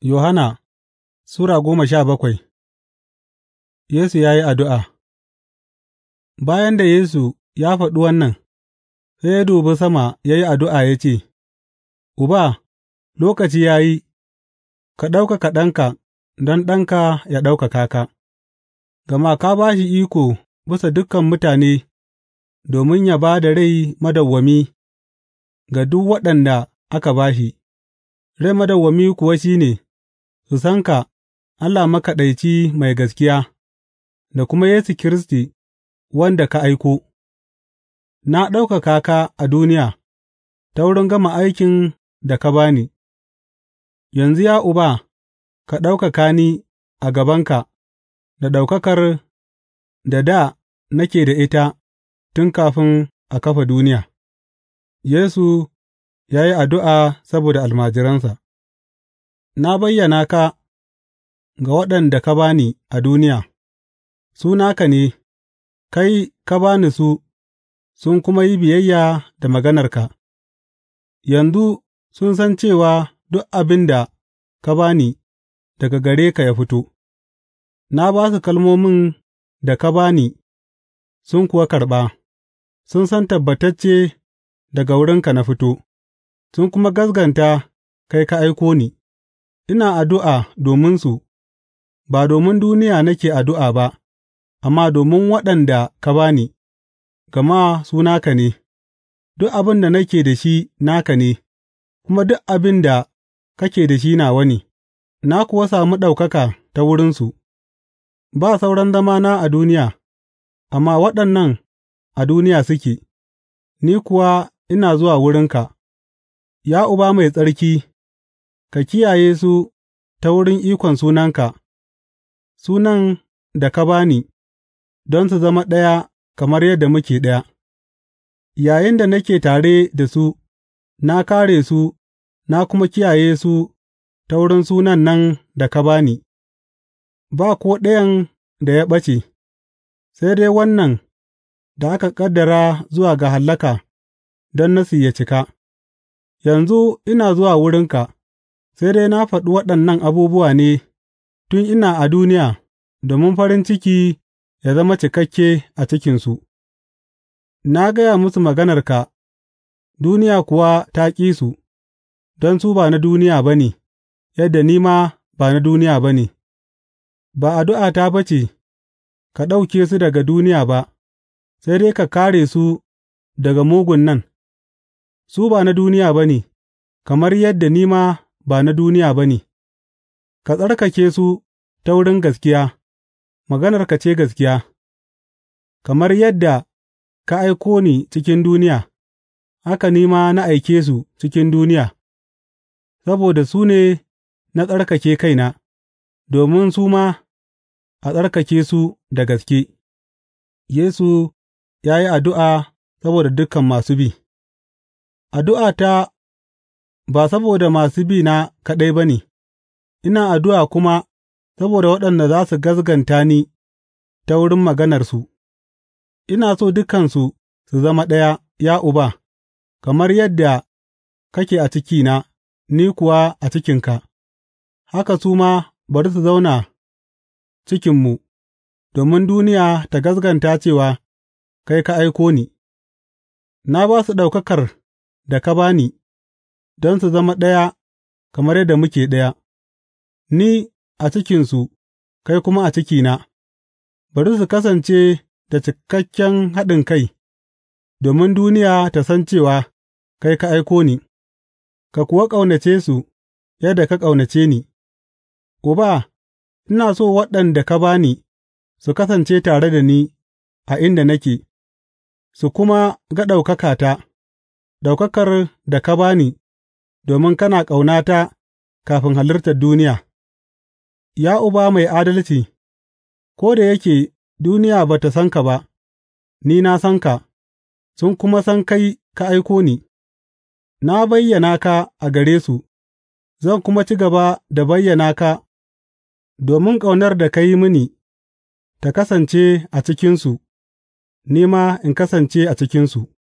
Yohana Sura goma sha bakwai Yesu ya yi addu'a Bayan da Yesu ya faɗi wannan, sai ya dubi sama ya yi addu'a ya ce, Uba, lokaci ya yi, ka ɗaukaka Ɗanka don Ɗanka ya ɗaukaka ka, gama ka ba shi iko bisa dukan mutane domin ya ba da rai madawwami ga duk waɗanda aka ba shi, rai madawwami kuwa shi ne. su san ka, Allah makaɗaici mai gaskiya, da kuma Yesu Kiristi wanda ka aiko, na ɗaukaka ka a duniya ta wurin gama aikin da ka ba ni, yanzu ya Uba, ka ɗaukaka ni a gabanka da ɗaukakar da da nake da ita tun kafin a kafa duniya. Yesu ya yi addu'a saboda almajiransa. Na bayyana ka ga waɗanda ka ba ni a duniya; su naka ne, kai ka ba ni su sun kuma yi biyayya da maganarka, yanzu sun san cewa duk abin da ka ba ni daga gare ka ya fito, na ba su kalmomin da ka ba ni sun kuwa karɓa, sun san tabbatacce daga wurinka na fito, sun kuma gaskata kai ka aiko ni. Ina addu'a dominsu, ba domin duniya nake addu'a ba, amma domin waɗanda ka ba ni, gama su naka ne, duk abin da nake da shi naka ne, kuma duk abin da kake da shi nawa ne, na kuwa sami ɗaukaka ta wurinsu, ba sauran zamana a duniya, amma waɗannan a duniya suke, ni kuwa ina zuwa wurinka, Ya Uba Mai Tsarki. Ka kiyaye su ta wurin ikon sunanka, sunan da ka ba ni, don su zama ɗaya kamar yadda muke ɗaya, yayinda nake tare da su, na kare su na kuma kiyaye su ta wurin sunan nan da ka ba ni, ba ko ɗayan da ya ɓace, sai dai wannan da aka ƙaddara zuwa ga hallaka don nasi ya cika, Yanzu ina zuwa wurinka. Sai dai na faɗi waɗannan abubuwa ne tun ina a duniya domin farin ciki ya zama cikakke a cikinsu; na gaya musu maganarka, duniya kuwa ta ƙi su, don su ba na duniya ba ne, yadda ni ma ba na duniya ba ne, ba ta ba ce ka ɗauke su daga duniya ba, sai dai ka kare su daga mugun nan; su ba na duniya ba ne, kamar yadda ni ma ba na duniya ba ne, ka tsarkake su ta wurin gaskiya, maganarka ce gaskiya, kamar yadda ka aiko ni cikin duniya, haka ni ma na aike su cikin duniya, saboda su ne na tsarkake kaina, domin su ma a tsarkake su da gaske. Yesu ya yi addu'a saboda dukan masu bi ta ba saboda masu bi na kaɗai ba ne, ina addu'a kuma saboda waɗanda za su gaskata ni ta wurin maganarsu, ina so dukansu su zama ɗaya, ya Uba, kamar yadda kake a cikina, ni kuwa a cikinka, haka su ma bari su zauna cikinmu, domin duniya ta gaskata cewa kai ka aiko ni, na ba su ɗaukakar da ka ba ni. don su zama ɗaya kamar yadda muke ɗaya, ni a cikinsu kai kuma a cikina, bari su kasance da cikakken haɗin kai. domin duniya ta san cewa kai ka aiko ni, ka kuwa ƙaunace su yadda ka ƙaunace ni. Uba, ina so waɗanda ka ba ni su kasance tare da ni a inda nake, su kuma ga ɗaukakata, ɗaukakar da ka ba ni domin kana ƙaunata kafin halartar duniya, Ya Uba mai adalci, ko da yake duniya ba ta san ka ba, ni na san ka, sun kuma san kai ka aiko ni, na bayyana ka a gare su, zan kuma ci gaba da bayyana ka domin ƙaunar da ka yi mini ta kasance a cikinsu, ni ma in kasance a cikinsu.